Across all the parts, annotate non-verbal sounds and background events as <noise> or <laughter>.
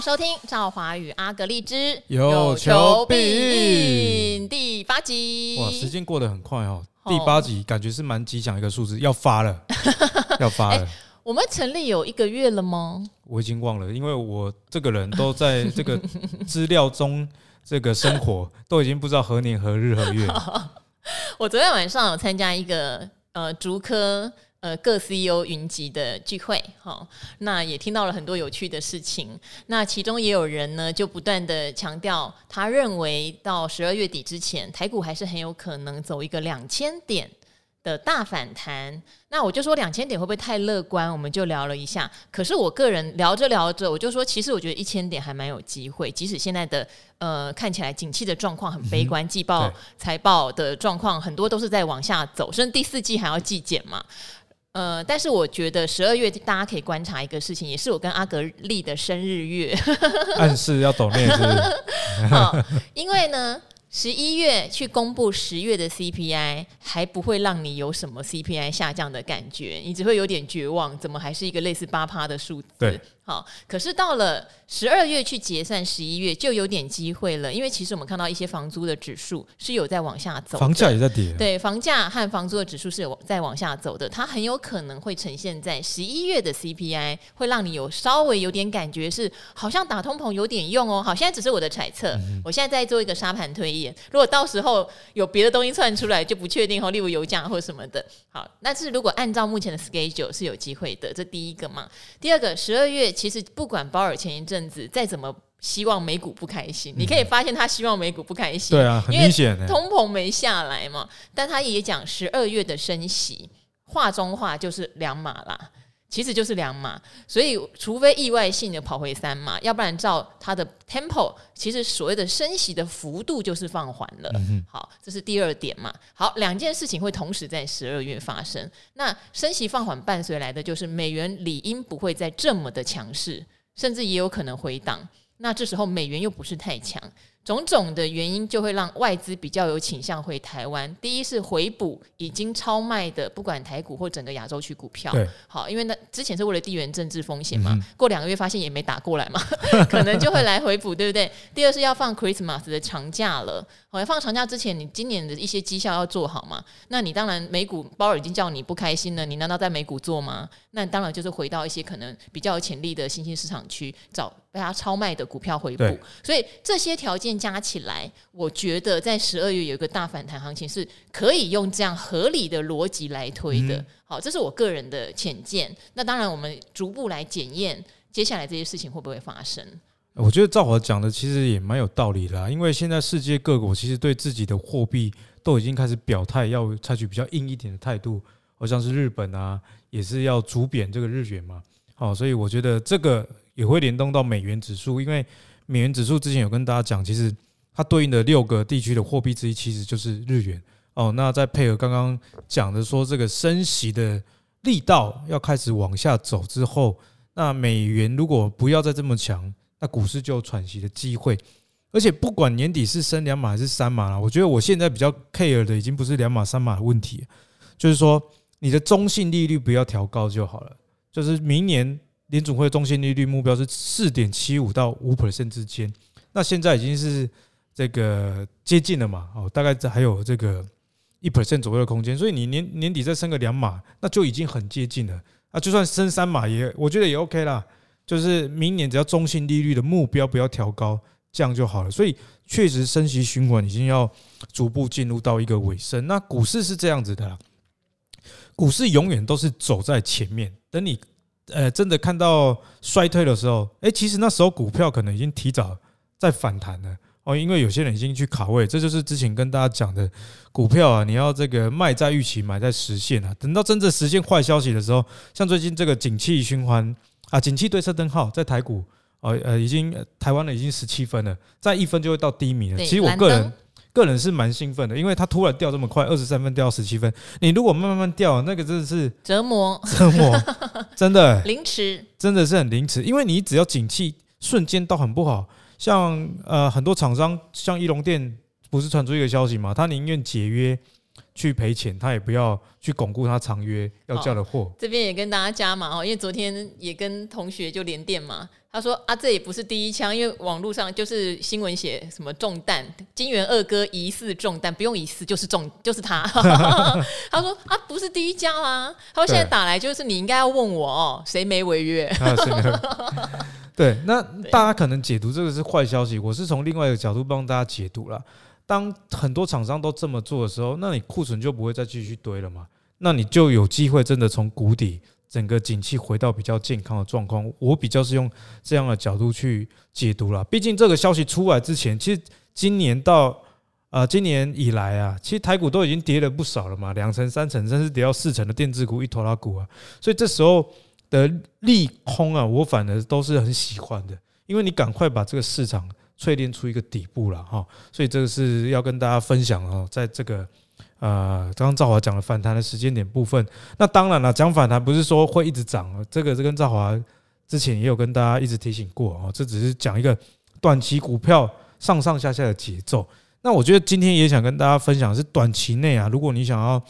收聽趙華與阿格麗之有求必應第八集。哇，時間過得很快哦。第八集感覺是蠻吉祥一個數字，要發了，要發了。我們成立有一個月了嗎？我已經忘了，因為我這個人都在這個資料中，這個生活 <laughs> 都已經不知道何年何日何月。我昨天晚上有參加一個呃，竹科。呃，各 CEO 雲集的聚會，哈，那也聽到了很多有趣的事情。那其中也有人呢，就不斷地強調，他認為到十二月底之前，台股還是很有可能走一個兩千點的大反彈。那我就說兩千點會不會太樂觀？我們就聊了一下。可是我個人聊着聊着，我就說，其實我覺得一千點還蠻有機會。即使現在的呃，看起來景氣的狀況很悲觀，嗯、季報、財報的狀況很多都是在往下走，甚至第四季還要季減嘛。呃，但是我覺得十二月大家可以觀察一個事情，也是我跟阿格力的生日月， <laughs> 暗示要懂內需。 <laughs> 因為呢，十一月去公布十月的 CPI，還不會讓你有什麼 CPI 下降的感覺，你只會有點絕望，怎麼還是一個類似八趴的數字？對。好，可是到了十二月去結算，十一月就有點機會了，因為其實我們看到一些房租的指數是有在往下走，房價也在跌，對，房價和房租的指數是有在往下走的，它很有可能會呈現在十一月的 CPI，會讓你有稍微有點感覺是好像打通膨有點用哦，好，現在只是我的猜測嗯嗯，我現在在做一個沙盤推演，如果到時候有別的東西竄出來就不確定哦，例如油價或什麼的，好，但是如果按照目前的 schedule 是有機會的，這第一個嘛，第二個十二月。其實不管鮑爾前一陣子再怎麼希望美股不開心，你可以發現他希望美股不開心。對啊，很明顯，通膨沒下來嘛，但他也講十二月的升息，話中話就是兩碼啦。其實就是兩碼，所以除非意外性的跑回三碼，要不然照它的 tempo，其實所謂的升息的幅度就是放緩了。嗯、好，這是第二點嘛。好，兩件事情會同時在十二月發生。那升息放緩伴隨來的就是美元理應不會再這麼的強勢，甚至也有可能回檔。那這時候美元又不是太強。種種的原因就會讓外資比較有傾向回台灣。第一是回補已經超賣的，不管台股或整個亞洲區股票。好，因為那之前是為了地緣政治風險嘛，嗯、過兩個月發現也沒打過來嘛，可能就會來回補， <laughs> 對不對？第二是要放 Christmas 的長假了。好，放長假之前，你今年的一些績效要做好嘛？那你當然美股鮑爾已經叫你不開心了，你難道在美股做嗎？那當然就是回到一些可能比較有潛力的新興市場去找被他超賣的股票回補。所以這些條件加起來，我覺得在十二月有一個大反彈行情是可以用這樣合理的邏輯來推的。嗯、好，這是我個人的淺見。那當然，我們逐步來檢驗接下來這些事情會不會發生。我覺得趙華講的其實也蠻有道理啦，因為現在世界各國其實對自己的貨幣都已經開始表態，要採取比較硬一點的態度，好像是日本啊，也是要阻貶這個日元嘛。哦，所以我覺得這個也會聯動到美元指數，因為美元指數之前有跟大家講，其實它對應的六個地區的貨幣之一其實就是日元。哦，那再配合剛剛講的說這個升息的力道要開始往下走之後，那美元如果不要再這麼強。那股市就有喘息的機會，而且不管年底是升兩碼還是三碼了，我覺得我現在比較 care 的已經不是兩碼三碼的問題，就是說你的中性利率不要調高就好了。就是明年聯準會的中性利率目標是四點七五到五 percent 之間，那現在已經是這個接近了嘛？哦，大概還有這個一 percent 左右的空間，所以你年年底再升個兩碼，那就已經很接近了啊！就算升三碼也，我覺得也 OK 啦。就是明年只要中性利率的目標不要調高，這樣就好了。所以確實升息循環已經要逐步進入到一個尾聲。那股市是這樣子的啦，股市永遠都是走在前面。等你呃真的看到衰退的時候，哎，其實那時候股票可能已經提早在反彈了哦，因為有些人已經去卡位。這就是之前跟大家講的股票啊，你要這個賣在預期，買在實現啊。等到真正實現壞消息的時候，像最近這個景氣循環。啊，景氣對策燈號在台股，呃呃，已經、呃、台灣的已經十七分了，再一分就會到低迷了。其實我個人個人是蠻興奮的，因為它突然掉這麼快，二十三分掉到十七分。你如果慢慢掉，那個真的是折磨，折磨，真的 <laughs> 凌遲，真的是很凌遲。因為你只要景氣瞬間到很不好，像呃很多廠商，像一龍電不是傳出一個消息嘛，他寧願解約。去賠錢，他也不要去鞏固他長約要交的貨。這邊也跟大家加碼哦，因為昨天也跟同學就連電嘛。他說啊，這也不是第一槍，因為網絡上就是新聞寫什麼中彈，金元二哥疑似中彈，不用疑似就是中，就是他。 <laughs> 他說啊，不是第一家啦。他說現在打來就是你應該要問我哦，誰沒違約、啊誰沒 <laughs> 對？對，那大家可能解讀這個是壞消息，我是從另外一個角度幫大家解讀了。當很多廠商都這麼做的時候，那你庫存就不會再繼續堆了嘛，那你就有機會真的從谷底整個景氣回到比較健康的狀況。我比較是用這樣的角度去解讀了。畢竟這個消息出來之前，其實今年到啊、呃，今年以來啊，其實台股都已經跌了不少了嘛，兩成、三成，甚至跌到四成的電子股、一拖拉股啊。所以這時候的利空啊，我反而都是很喜歡的，因為你趕快把這個市場。淬煉出一個底部了哈，所以這個是要跟大家分享哦，在這個呃，剛剛趙華講的反彈的時間點部分，那當然了，講反彈不是說會一直漲，這個是跟趙華之前也有跟大家一直提醒過哦，這只是講一個短期股票上上下下的節奏。那我覺得今天也想跟大家分享的是短期內啊，如果你想要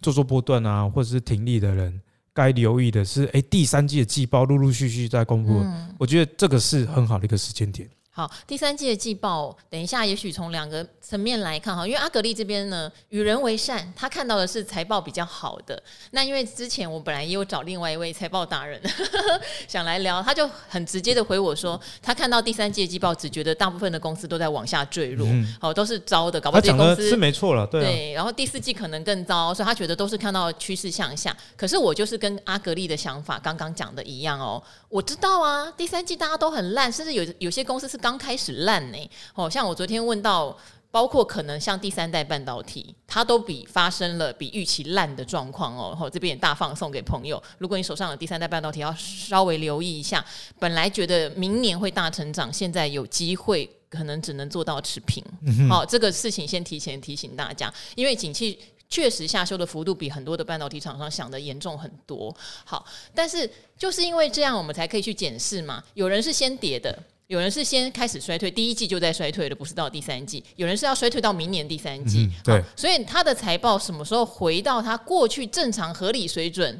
做做波段啊，或者是停利的人，該留意的是，誒，第三季的季報陸陸續續在公布，我覺得這個是很好的一個時間點。好、哦，第三季的季報，等一下也許從兩個層面來看哈，因為阿格力這邊呢，與人為善，他看到的是財報比較好的。那因為之前我本來也有找另外一位財報達人呵呵想來聊，他就很直接的回我說，他看到第三季的季報，只覺得大部分的公司都在往下墜落，好、嗯哦，都是糟的，搞不好這公司是沒錯了、啊。對，然後第四季可能更糟，所以他覺得都是看到趨勢向下。可是我就是跟阿格力的想法剛剛講的一樣哦，我知道啊，第三季大家都很爛，甚至有有些公司是剛。剛開始爛呢、欸，好、哦、像我昨天問到，包括可能像第三代半導體，它都比發生了比預期爛的狀況哦。好、哦，這邊也大放送給朋友，如果你手上的第三代半導體要稍微留意一下。本來覺得明年會大成長，現在有機會可能只能做到持平。好、嗯哦，這個事情先提前提醒大家，因為景氣確實下修的幅度比很多的半導體廠商想的嚴重很多。好，但是就是因為這樣，我們才可以去檢視嘛。有人是先跌的。有人是先開始衰退，第一季就在衰退了，不是到第三季。有人是要衰退到明年第三季。嗯、對，所以他的財報什麼時候回到他過去正常合理水準，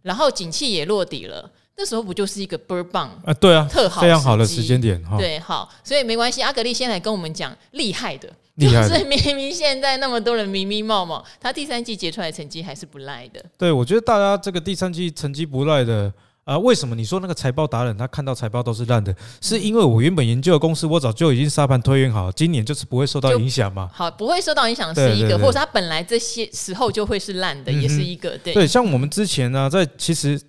然後景氣也落底了，那時候不就是一個 bounce 啊，對啊，特好，非常好的時間點、哦。對，好，所以沒關係。阿格力先來跟我們講厲害，厲害的，就是明明現在那麼多人迷迷茫茫，他第三季結出來成績還是不賴的。對，我覺得大家這個第三季成績不賴的。啊，為什麼你說那個財報達人他看到財報都是爛的？是因為我原本研究的公司，我早就已經沙盤推演好，今年就是不會受到影響嘛？好，不會受到影響是一個，對對對，或者是他本來這些時候就會是爛的，也是一個、嗯對對。對，像我們之前呢、啊，在其實。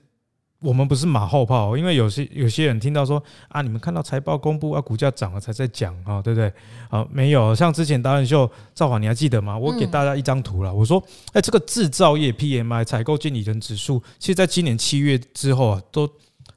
我們不是馬後炮、哦，因為有些有些人聽到說啊，你們看到財報公布啊，股價漲了才在講啊、哦，對不對？啊，沒有，像之前達人秀造化，趙，你還記得嗎？我給大家一張圖了、嗯，我說，哎，這個製造業 PMI 採購經理人指數，其實，在今年七月之後啊，都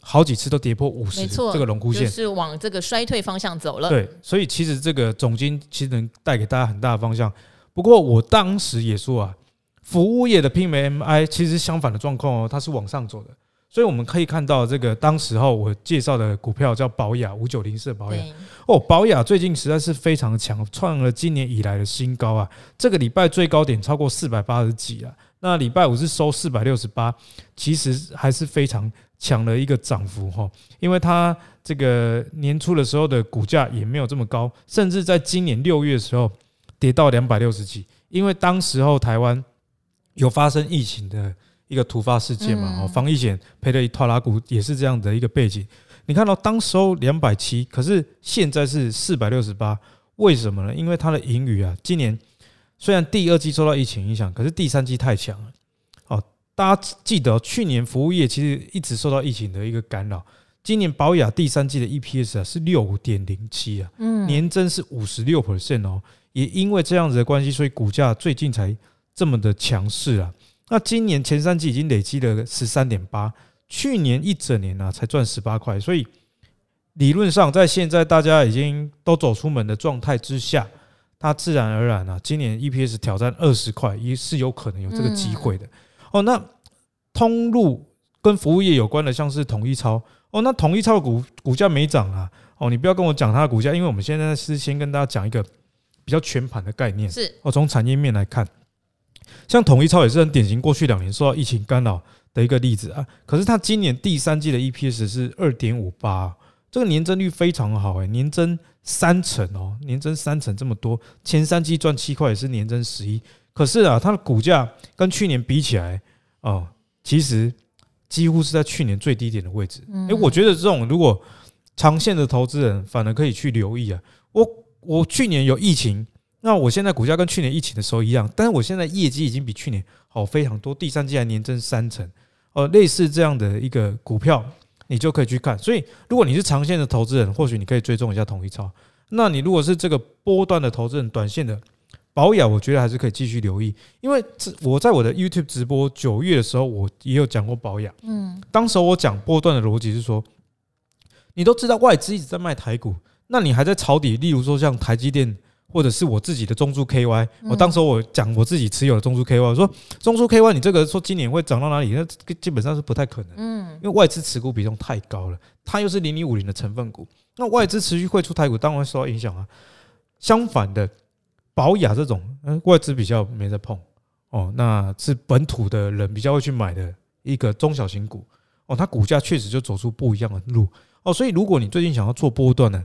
好幾次都跌破五十，這個榮枯線、就是往這個衰退方向走了。對，所以其實這個總經其實能帶給大家很大的方向。不過我當時也說啊，服務業的 PMI 其實相反的狀況哦，它是往上走的。所以我們可以看到，這個當時候我介紹的股票叫寶雅五九零四，寶雅哦，寶雅最近實在是非常的強，創了今年以來的新高啊！這個禮拜最高點超過四百八十幾啊，那禮拜五是收四百六十八，其實還是非常強的一個漲幅哈、哦，因為它這個年初的時候的股價也沒有這麼高，甚至在今年六月的時候跌到兩百六十幾，因為當時候台灣有發生疫情的。一個突發事件嘛，哦，防疫險賠的一套拉股，也是這樣的一個背景。你看到、哦、當收兩百七，可是現在是四百六十八，為什麼呢？因為它的盈餘啊，今年雖然第二季受到疫情影響，可是第三季太強了。哦，大家記得、哦、去年服務業其實一直受到疫情的一個干擾。今年寶雅第三季的 EPS 啊是六點零七啊，嗯，年增是五十六 percent 哦。也因為這樣子的關係，所以股價最近才這麼的強勢啊。那今年前三季已經累積了十三點八，去年一整年呢、啊、才賺十八塊，所以理論上在現在大家已經都走出門的狀態之下，它自然而然啊，今年 EPS 挑戰二十塊也是有可能有這個機會的、嗯。哦，那通路跟服務業有關的，像是統一超，哦，那統一超股股價沒漲啊，哦，你不要跟我講它的股價，因為我們現在是先跟大家講一個比較全盤的概念，是，哦，從產業面來看。像統一超也是很典型，過去兩年受到疫情干擾的一個例子啊。可是它今年第三季的 EPS 是二點五八，這個年增率非常好哎、欸，年增三成哦，年增三成這麼多，前三季賺七塊也是年增十一。可是啊，它的股價跟去年比起來啊、哦，其實幾乎是在去年最低點的位置。哎，我覺得這種如果長線的投資人，反而可以去留意啊。我我去年有疫情。那我現在股價跟去年疫情的時候一樣，但是我現在業績已經比去年好非常多，第三季還年增三成，呃，類似這樣的一個股票，你就可以去看。所以，如果你是長線的投資人，或許你可以追蹤一下統一超。那你如果是這個波段的投資人，短線的寶雅，我覺得還是可以繼續留意。因為，這我在我的 YouTube 直播九月的時候，我也有講過寶雅。嗯，嗯，當時我講波段的邏輯是說，你都知道外資一直在賣台股，那你還在抄底，例如說像台積電。或者是我自己的中租 KY，我當時我講我自己持有的中租 KY，我說中租 KY，你這個說今年會漲到哪裡？那基本上是不太可能，因為外資持股比重太高了，它又是零零五零的成分股，那外資持續匯出台股，當然會受到影響啊。相反的，寶雅這種，嗯、呃，外資比較沒在碰哦，那是本土的人比較會去買的一個中小型股哦，它股價確實就走出不一樣的路哦。所以如果你最近想要做波段呢，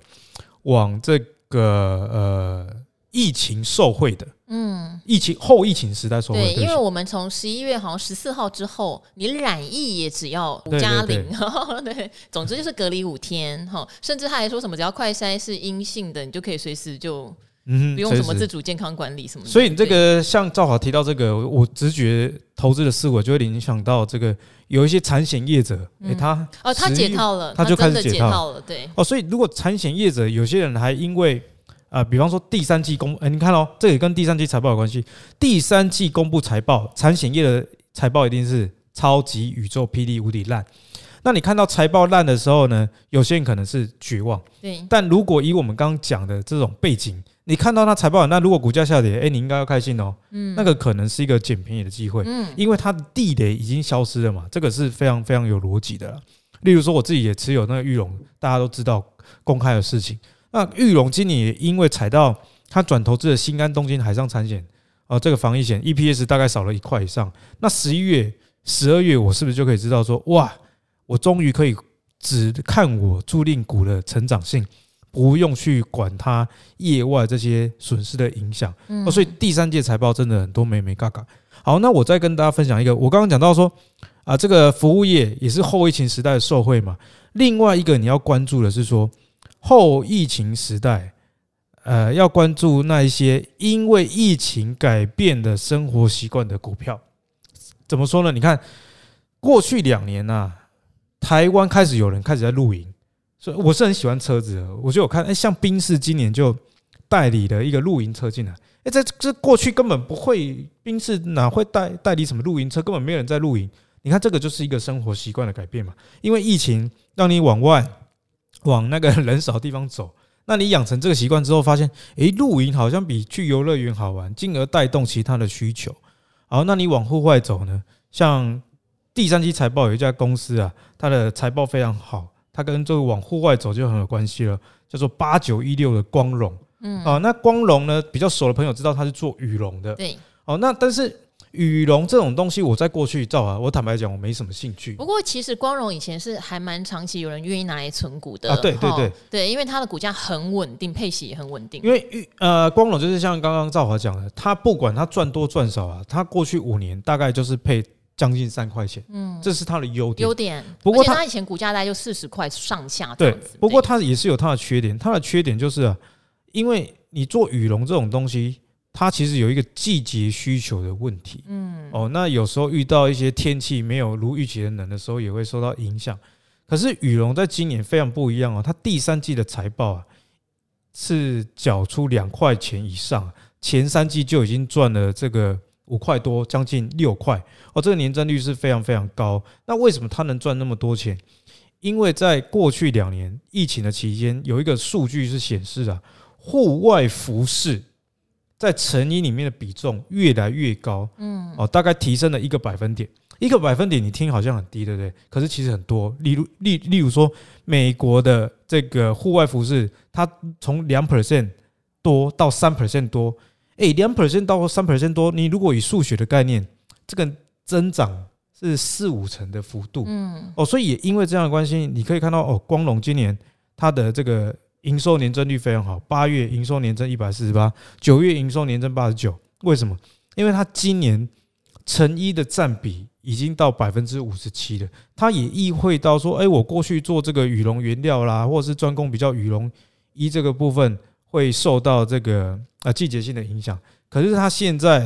往這。個呃，疫情受惠的，嗯，疫情後疫情時代受惠，對。因為我們從十一月好像十四號之後，你染疫也只要五加零，對，總之就是隔離五天哈，甚至他還說什麼只要快篩是陰性的，你就可以隨時就。嗯哼，不用什麼自主健康管理什麼的。所以這個像趙華提到這個，我直覺投資的思維就會聯想到這個，有一些產險業者，嗯欸、他 11, 哦，他解套了，他就開始解套，解套了，對。哦，所以如果產險業者有些人還因為啊、呃，比方說第三季公布，哎、呃，你看哦，這個、也跟第三季財報有關係。第三季公布財報，產險業的財報一定是超級宇宙霹靂無敵爛。那你看到財報爛的時候呢，有些人可能是絕望，對。但如果以我們剛剛講的這種背景，你看到那財報，那如果股價下跌，哎、欸，你應該要開心哦、嗯。那個可能是一個撿便宜的機會，嗯，因為它的地雷已經消失了嘛，這個是非常非常有邏輯的。例如說，我自己也持有那個裕融，大家都知道公開的事情。那裕融今年也因為踩到它轉投資的新安東京海上產險啊，這個防疫險 EPS 大概少了一塊以上。那十一月、十二月，我是不是就可以知道說，哇，我終於可以只看我租賃股的成長性？不用去管它業外這些損失的影響，所以第三季財報真的很多美美嘎嘎。好，那我再跟大家分享一個，我剛剛講到說啊，這個服務業也是後疫情時代的受惠嘛。另外一個你要關注的是說，後疫情時代，呃，要關注那一些因為疫情改變的生活習慣的股票。怎麼說呢？你看，過去兩年吶、啊，台灣開始有人開始在露營。所以我是很喜歡車子的，我就有看，哎，像賓士今年就代理了一個露營車進來，哎，這這過去根本不會，賓士，哪會代代理什麼露營車，根本沒有人在露營。你看這個就是一個生活習慣的改變嘛，因為疫情讓你往外往那個人少的地方走，那你養成這個習慣之後，發現哎、欸，露營好像比去遊樂園好玩，進而帶動其他的需求。好，那你往戶外走呢？像第三季財報有一家公司啊，它的財報非常好。它跟這個往戶外走就很有關係了，叫做八九一六的光榮，嗯啊、呃，那光榮呢，比較熟的朋友知道它是做羽絨的，對、呃，哦，那但是羽絨這種東西，我在過去趙華。我坦白講，我沒什麼興趣。不過其實光榮以前是還蠻長期有人願意拿來存股的，啊，對對對、哦，對，因為它的股價很穩定，配息也很穩定，因為呃光榮就是像剛剛趙華講的，他不管他賺多賺少啊，他過去五年大概就是配。將近三塊錢，嗯，這是它的優點。優點，不過它以前股價大概就四十塊上下，對。不過它也是有它的缺點，它的缺點就是啊，因為你做羽絨這種東西，它其實有一個季節需求的問題，嗯，哦，那有時候遇到一些天氣沒有如預期的冷的時候，也會受到影響。可是羽絨在今年非常不一樣哦，啊，它第三季的財報啊，是繳出兩塊錢以上，前三季就已經賺了這個。五塊多，將近六塊哦，這個年增率是非常非常高。那為什麼它能賺那麼多錢？因為在過去兩年疫情的期間，有一個數據是顯示啊，戶外服飾在成衣裡面的比重越來越高。嗯，哦，大概提升了一個百分點，一個百分點你聽好像很低，對不對？可是其實很多，例如例，例如說美國的這個戶外服飾，它從兩 percent 多到三 percent 多。哎、欸，兩 percent 到三 percent 多，你如果以數學的概念，這個增長是四五成的幅度，嗯，哦，所以也因為這樣的關係，你可以看到哦，光隆今年它的這個營收年增率非常好，八月營收年增一百四十八，九月營收年增八十九，為什麼？因為它今年成衣的占比已經到百分之五十七了，它也意會到說，哎、欸，我過去做這個羽絨原料啦，或者是專攻比較羽絨衣這個部分。會受到這個啊、呃、季節性的影響，可是它現在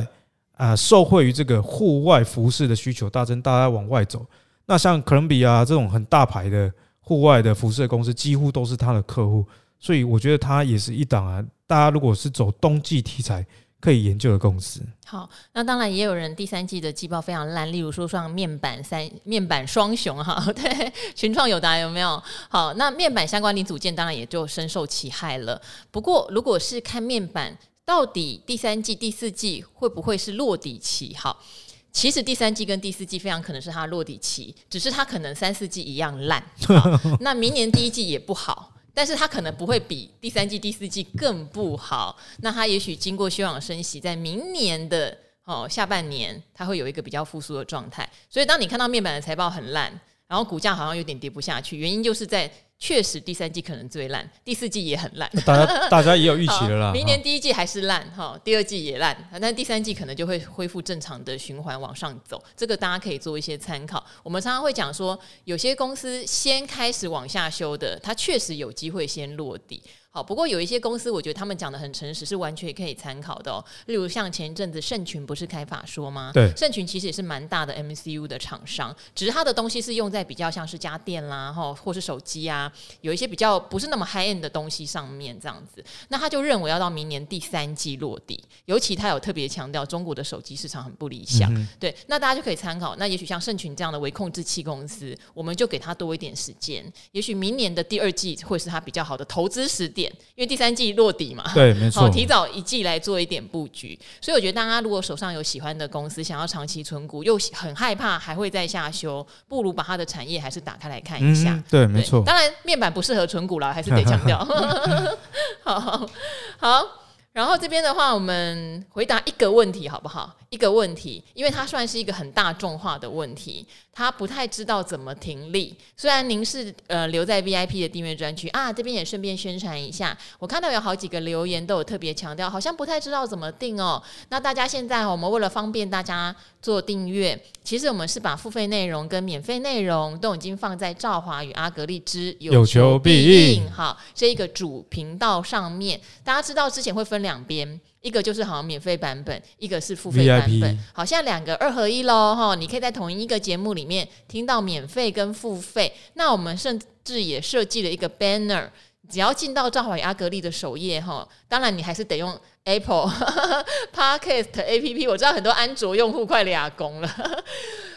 啊、呃、受惠於這個戶外服飾的需求大增，大家往外走。那像哥倫比亞這種很大牌的戶外的服飾的公司，幾乎都是它的客戶，所以我覺得它也是一檔啊。大家如果是走冬季題材，可以研究的公司。好，那當然也有人第三季的季報非常爛，例如說像面板三面板雙雄哈，對，群創友達有沒有？好，那面板相關零組件當然也就深受其害了。不過如果是看面板到底第三季第四季會不會是落底期？好，其實第三季跟第四季非常可能是它落底期，只是它可能三四季一樣爛，那明年第一季也不好。 <laughs> 但是它可能不會比第三季、第四季更不好，那它也許經過休養生息，在明年的哦下半年，它會有一個比較復甦的狀態。所以，當你看到面板的財報很爛，然後股價好像有點跌不下去，原因就是在。確實，第三季可能最爛，第四季也很爛。大家大家也有預期了啦。 <laughs> 明年第一季還是爛哈、哦，第二季也爛，但第三季可能就會恢復正常的循環往上走。這個大家可以做一些參考。我們常常會講說，有些公司先開始往下修的，它確實有機會先落底。好，不過有一些公司，我覺得他們講的很誠實，是完全可以參考的哦，例如像前一陣子盛群，不是開法說嗎？對，盛群其實也是蠻大的 MCU 的廠商，只是他的東西是用在比較像是家電啦，或是手機啊，有一些比較不是那麼 high end 的東西上面這樣子。那他就認為要到明年第三季落地，尤其他有特別強調中國的手機市場很不理想，嗯。對，那大家就可以參考。那也許像盛群這樣的微控制器公司，我們就給他多一點時間。也許明年的第二季會是他比較好的投資時點。因為第三季落底嘛，對，沒錯，好，提早一季來做一點佈局，所以我覺得大家如果手上有喜歡的公司，想要長期存股，又很害怕還會再下修，不如把它的產業還是打開來看一下。嗯、對，對，沒錯，當然面板不適合存股了，還是得強調。好 <laughs> <laughs> 好好。好。然後這邊的話，我們回答一個問題好不好？一個問題，因為它算是一個很大眾化的問題，他不太知道怎麼停利。雖然您是呃留在 VIP 的訂閱專區啊，這邊也順便宣傳一下。我看到有好幾個留言都有特別強調，好像不太知道怎麼訂哦。那大家現在我們為了方便大家做訂閱，其實我們是把付費內容跟免費內容都已經放在《趙華與阿格力之有求必應》必應好，這一個主頻道上面。大家知道之前會分。兩邊，一個就是好像免費版本，一個是付費版本，VIP、好像兩個二合一嘍哈。你可以在同一個節目裡面聽到免費跟付費。那我們甚至也設計了一個 banner，只要進到趙懷阿格力的首頁哈，當然你還是得用 Apple Podcast APP。我知道很多安卓用戶快倆公了，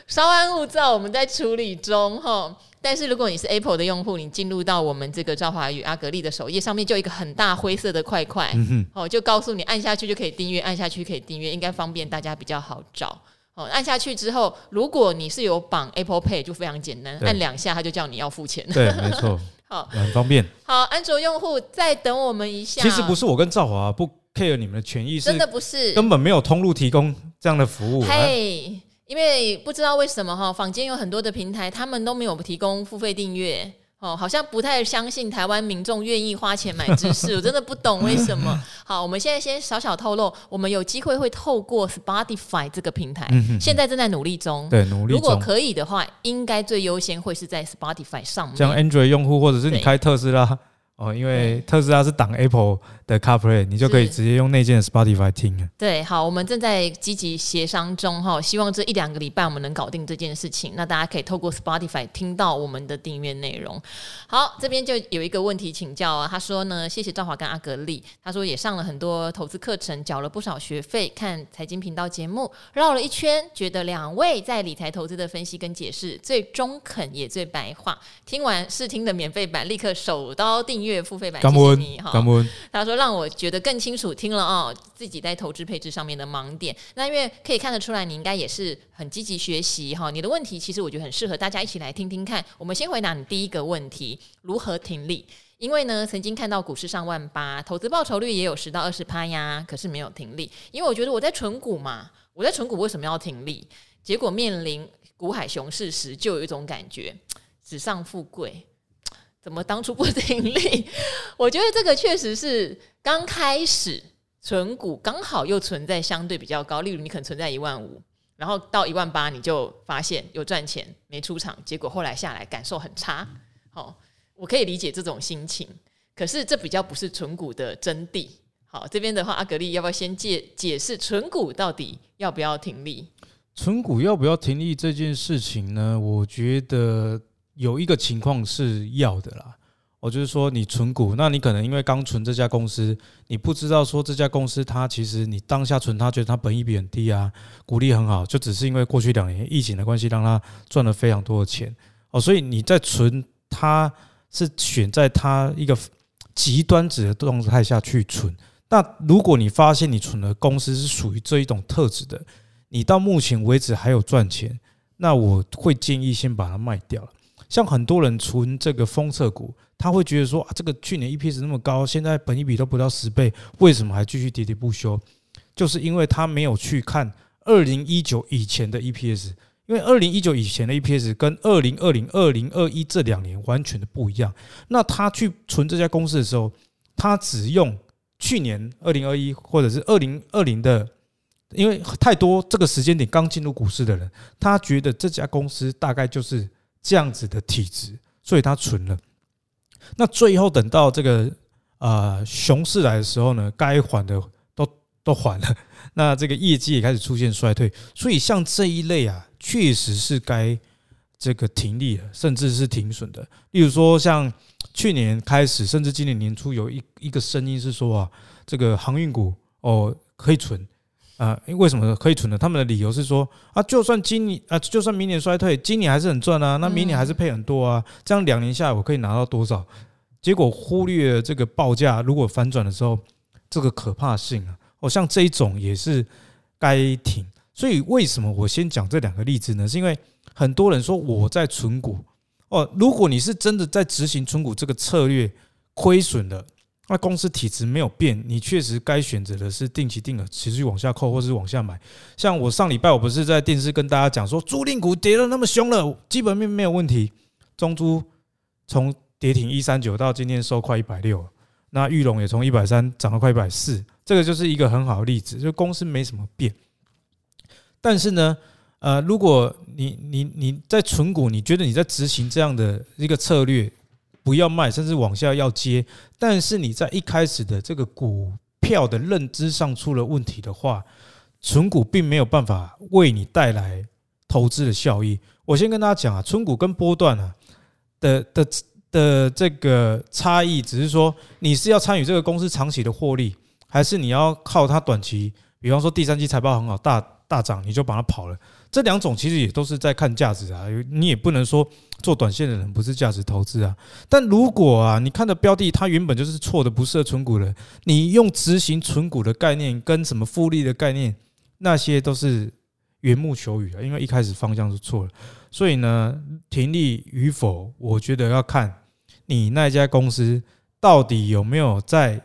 稍安勿躁，我們在處理中哈。但是如果你是 Apple 的用戶，你進入到我們這個趙華與阿格力的首頁上面，就有一個很大灰色的塊塊、嗯，哦，就告訴你按下去就可以訂閱，按下去可以訂閱，應該方便大家比較好找。哦，按下去之後，如果你是有綁 Apple Pay，就非常簡單，按兩下他就叫你要付錢。對， <laughs> 沒錯，好，很方便。好，安卓用戶再等我們一下。其實不是我跟趙華、啊、不 care 你們的權益是，真的不是，根本沒有通路提供這樣的服務。Hey 因為不知道為什麼哈，坊間有很多的平台，他們都沒有提供付費訂閱哦，好像不太相信台灣民眾願意花錢買知識。我真的不懂為什麼。 <laughs> 好，我們現在先小小透露，我們有機會會透過 Spotify 這個平台嗯嗯，現在正在努力中。對，努力中。如果可以的話，應該最優先會是在 Spotify 上面。像 Android 用戶或者是你開特斯拉哦，因為特斯拉是擋 Apple。的 CarPlay，你就可以直接用內建 Spotify 聽了。對，好，我們正在積極協商中哈，希望這一兩個禮拜我們能搞定這件事情，那大家可以透過 Spotify 聽到我們的訂閱內容。好，這邊就有一個問題請教啊，他說呢，謝謝趙華跟阿格力，他說也上了很多投資課程，繳了不少學費，看財經頻道節目，繞了一圈，覺得兩位在理財投資的分析跟解釋最中肯也最白話。聽完試聽的免費版，立刻手刀訂閱付費版，謝謝你。感恩哈，感恩。他說。讓我覺得更清楚聽了哦，自己在投資配置上面的盲點。那因為可以看得出來，你應該也是很積極學習哈。你的問題其實我覺得很適合大家一起來聽聽看。我們先回答你第一個問題：如何停利？因為呢，曾經看到股市上萬八，投資報酬率也有十到二十趴呀，可是沒有停利。因為我覺得我在存股嘛，我在存股為什麼要停利？結果面臨股海熊市時，就有一種感覺，紙上富貴。怎麼當初不停利？我覺得這個確實是剛開始存股剛好又存在相對比較高，例如你可能存在一萬五，然後到一萬八你就發現有賺錢沒出場，結果後來下來感受很差。好，我可以理解這種心情，可是這比較不是存股的真諦。好，這邊的話，阿格力要不要先解解釋存股到底要不要停利？存股要不要停利這件事情呢？我覺得。有一個情況是要的啦，我就是說，你存股，那你可能因為剛存這家公司，你不知道說這家公司它，其實你當下存它，覺得它本益比很低啊，股利很好，就只是因為過去兩年疫情的關係，讓它賺了非常多的錢哦，所以你在存它是選在它一個極端值的狀態下去存。那如果你發現你存的公司是屬於這一種特質的，你到目前為止還有賺錢，那我會建議先把它賣掉了。像很多人存這個封測股，他會覺得說、啊，這個去年 EPS 那麼高，現在本益比都不到十倍，為什麼還繼續跌跌不休？就是因為他沒有去看二零一九以前的 EPS，因為二零一九以前的 EPS 跟二零二零、二零二一這兩年完全的不一樣。那他去存這家公司的時候，他只用去年二零二一或者是二零二零的，因為太多這個時間點剛進入股市的人，他覺得這家公司大概就是。這樣子的體質，所以它存了。那最後等到這個呃熊市來的時候呢，該還的都都還了，那這個業績也開始出現衰退，所以像這一類啊，確實是該這個停利了，甚至是停損的。例如說，像去年開始，甚至今年年初，有一一個聲音是說啊，這個航運股哦可以存。啊、呃，為什麼可以存呢？他們的理由是說啊，就算今年啊，就算明年衰退，今年還是很賺啊，那明年還是配很多啊，嗯、這樣兩年下來我可以拿到多少？結果忽略了這個報價，如果反轉的時候，這個可怕性啊，哦，像這一種也是該停。所以為什麼我先講這兩個例子呢？是因為很多人說我在存股哦，如果你是真的在執行存股這個策略，虧損了。那公司體質沒有變，你確實該選擇的是定期定額持續往下扣，或是往下買。像我上禮拜我不是在電視跟大家講說，租賃股跌的那麼凶了，基本面沒有問題。中租從跌停一三九到今天收快一百六，那裕隆也從一百三漲了快一百四，這個就是一個很好的例子，就公司沒什麼變。但是呢，呃，如果你你你在存股，你覺得你在執行這樣的一個策略？不要賣，甚至往下要接。但是你在一開始的這個股票的認知上出了問題的話，存股並沒有辦法為你帶來投資的效益。我先跟大家講啊，存股跟波段啊的的的這個差異，只是說你是要參與這個公司長期的獲利，還是你要靠它短期？比方說第三季財報很好，大大漲，你就把它跑了。這兩種其實也都是在看價值啊，你也不能說做短線的人不是價值投資啊。但如果啊，你看的標的它原本就是錯的，不適合存股的，你用執行存股的概念跟什麼複利的概念，那些都是緣木求魚啊。因為一開始方向是錯的，所以呢，停利與否，我覺得要看你那家公司到底有沒有在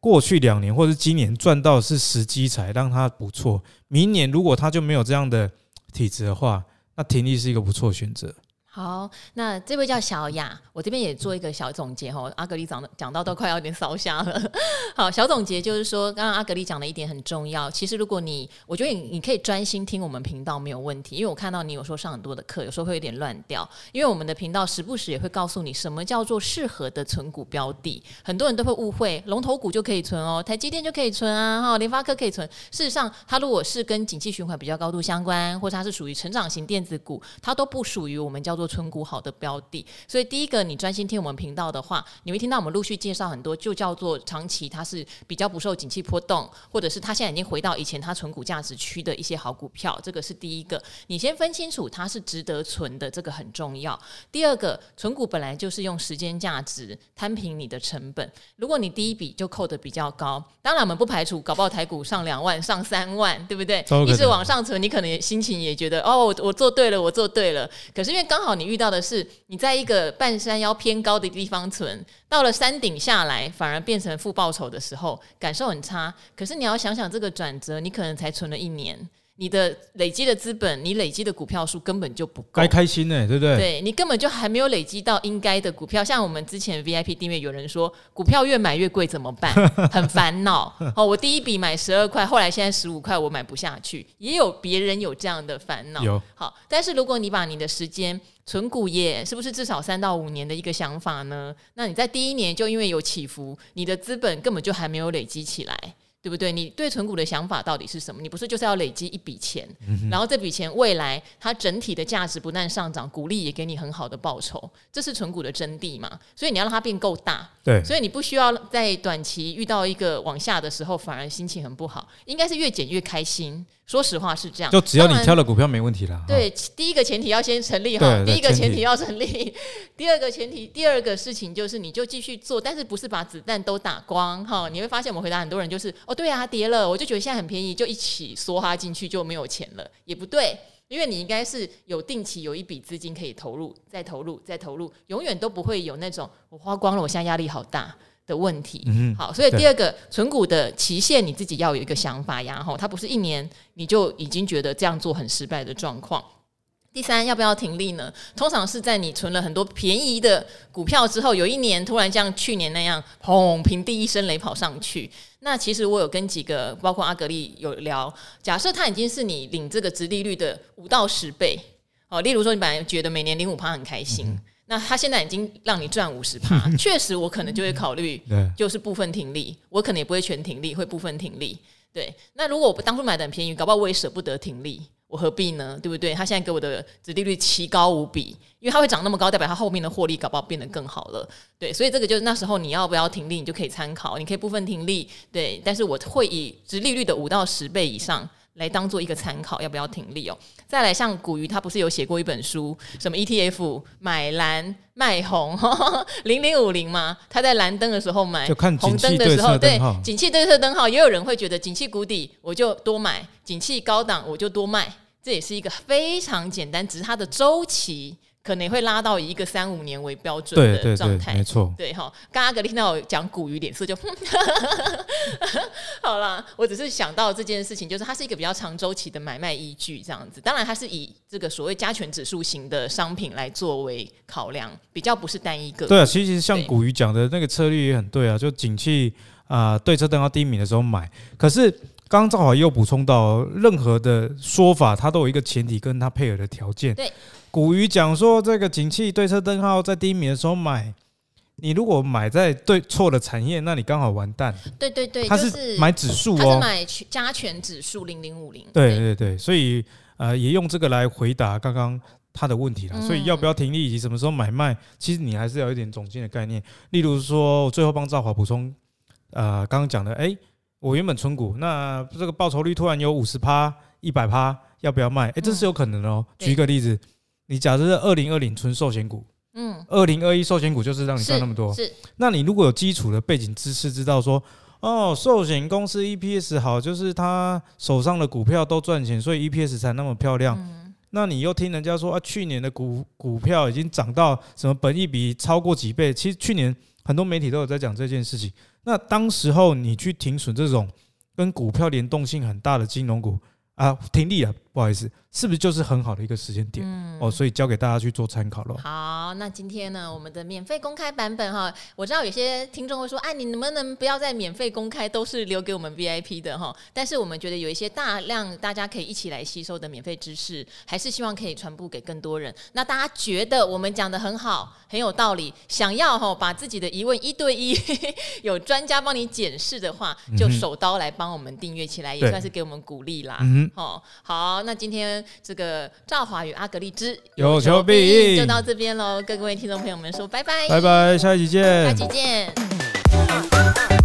過去兩年或者今年賺到的是時機財才讓它不錯。明年如果它就沒有這樣的。體質的話，那停利是一個不錯選擇。好，那這位叫小雅，我這邊也做一個小總結哦。阿、啊、格力講的講到都快有點燒瞎了。好，小總結就是說，剛剛阿格力講的一點很重要。其實如果你，我覺得你你可以專心聽我們頻道沒有問題，因為我看到你有時候上很多的課，有時候會有點亂掉。因為我們的頻道時不時也會告訴你什麼叫做適合的存股標的，很多人都會誤會龍頭股就可以存哦，台積電就可以存啊，哈，聯發科可以存。事實上，它如果是跟景氣循環比較高度相關，或者它是屬於成長型電子股，它都不屬於我們叫做。存股好的標的，所以第一個你專心聽我們頻道的話，你會聽到我們陸續介紹很多，就叫做長期它是比較不受景氣波動，或者是它現在已經回到以前它存股價值區的一些好股票，這個是第一個。你先分清楚它是值得存的，這個很重要。第二個，存股本來就是用時間價值攤平你的成本，如果你第一筆就扣得比較高，當然我們不排除搞不好台股上兩萬、上三萬，對不對？一直往上存，你可能也心情也覺得哦，我做對了，我做對了。可是因為剛好。你遇到的是，你在一個半山腰偏高的地方存，到了山頂下來，反而變成負報酬的時候，感受很差。可是你要想想這個轉折，你可能才存了一年。你的累積的資本，你累積的股票數根本就不夠。該開心呢，對不對？對，你根本就還沒有累積到應該的股票。像我們之前 VIP 訂閱有人說股票越買越貴怎麼辦？很煩惱 <laughs> 好，我第一筆買十二塊，後來現在十五塊，我買不下去。也有別人有這樣的煩惱。好，但是如果你把你的時間存股業，是不是至少三到五年的一個想法呢？那你在第一年就因為有起伏，你的資本根本就還沒有累積起來。對不對？你對存股的想法到底是什麼？你不是就是要累積一筆錢，嗯、然後這筆錢未來它整體的價值不斷上漲，股利也給你很好的報酬，這是存股的真諦嘛？所以你要讓它變夠大。對，所以你不需要在短期遇到一個往下的時候，反而心情很不好，應該是越減越開心。說實話是這樣，就只要你挑了股票沒問題啦。對，第一個前提要先成立哈，第一個前提要成立。第二個前提，第二個事情就是，你就繼續做，但是不是把子彈都打光哈、哦？你會發現，我們回答很多人就是，哦，對啊，跌了，我就覺得現在很便宜，就一起梭哈進去就沒有錢了，也不對，因為你應該是有定期有一筆資金可以投入，再投入，再投入，永遠都不會有那種我花光了，我現在壓力好大的問題，嗯，好，所以第二個存股的期限你自己要有一個想法呀，然後它不是一年你就已經覺得這樣做很失敗的狀況。第三，要不要停利呢？通常是在你存了很多便宜的股票之後，有一年突然像去年那樣，砰，平地一聲雷跑上去。那其實我有跟幾個，包括阿格力有聊，假設它已經是你領這個殖利率的五到十倍，哦，例如說你本來覺得每年領五趴很開心。嗯那他現在已經讓你賺五十趴。 <laughs> 確實我可能就會考慮，就是部分停利，我可能也不會全停利，會部分停利。對，那如果我當初買得很便宜，搞不好我也捨不得停利，我何必呢？對不對？他現在給我的殖利率奇高無比，因為它會漲那麼高，代表它後面的獲利搞不好變得更好了。對，所以這個就是那時候你要不要停利，你就可以參考，你可以部分停利。對，但是我會以殖利率的五到十倍以上，來當做一個參考，要不要停利哦？再來像古魚，他不是有寫過一本書，什麼 ETF 買藍賣紅零零五零嗎？他在藍燈的時候買，就看景氣燈紅燈的時候對,對，景氣對策燈號。燈號也有人會覺得景氣谷底我就多買，景氣高檔我就多賣，這也是一個非常簡單，只是它的周期。可能會拉到以一個三五年為標準的狀態，沒錯對。對、哦、哈，剛剛阿格聽到我講股魚臉色就 <laughs> <laughs> 好了，我只是想到這件事情，就是它是一個比較長周期的買賣依據，這樣子。當然，它是以這個所謂加權指數型的商品來作為考量，比較不是單一個。對啊，其實像股魚講的那個策略也很對啊，就景氣啊對車等到低迷的時候買。可是剛剛正好又補充到，任何的說法它都有一個前提，跟它配合的條件。對。古語講說，這個景氣對車燈號，在低迷的時候買。你如果買在對錯的產業，那你剛好完蛋。對對對，他是買指數哦，他是買加權指數零零五零。對對對，所以呃，也用這個來回答剛剛他的問題了。所以要不要停利，以及什麼時候買賣，其實你還是要有一點總經的概念。例如說，我最後幫趙華補充，呃，剛剛講的，哎、欸，我原本存股，那這個報酬率突然有五十趴、一百趴，要不要賣？哎、欸，這是有可能哦。舉一個例子。你假設是二零二零存壽險股，嗯，二零二一壽險股就是讓你賺那麼多。是，那你如果有基礎的背景知識，知道說，哦，壽險公司 EPS 好，就是他手上的股票都賺錢，所以 EPS 才那麼漂亮。那你又聽人家說啊，去年的股股票已經漲到什麼本益比超過幾倍？其實去年很多媒體都有在講這件事情。那當時候你去停損這種跟股票聯動性很大的金融股啊，停利了。不好意思，是不是就是很好的一個時間點，嗯、哦？所以交給大家去做參考嘍。好，那今天呢，我們的免費公開版本哈，我知道有些聽眾會說，哎、啊，你能不能不要再免費公開，都是留給我們 VIP 的哈？但是我們覺得有一些大量大家可以一起來吸收的免費知識，還是希望可以傳播給更多人。那大家覺得我們講得很好，很有道理，想要哈把自己的疑問一對一 <laughs> 有專家幫你解釋的話，就手刀來幫我們訂閱起來，也算是給我們鼓勵啦。哦、嗯，好。那今天這個趙華與阿格力之有求必應，就到這邊嘍。各位聽眾朋友們，說拜拜，拜拜，下期見，下期見。啊啊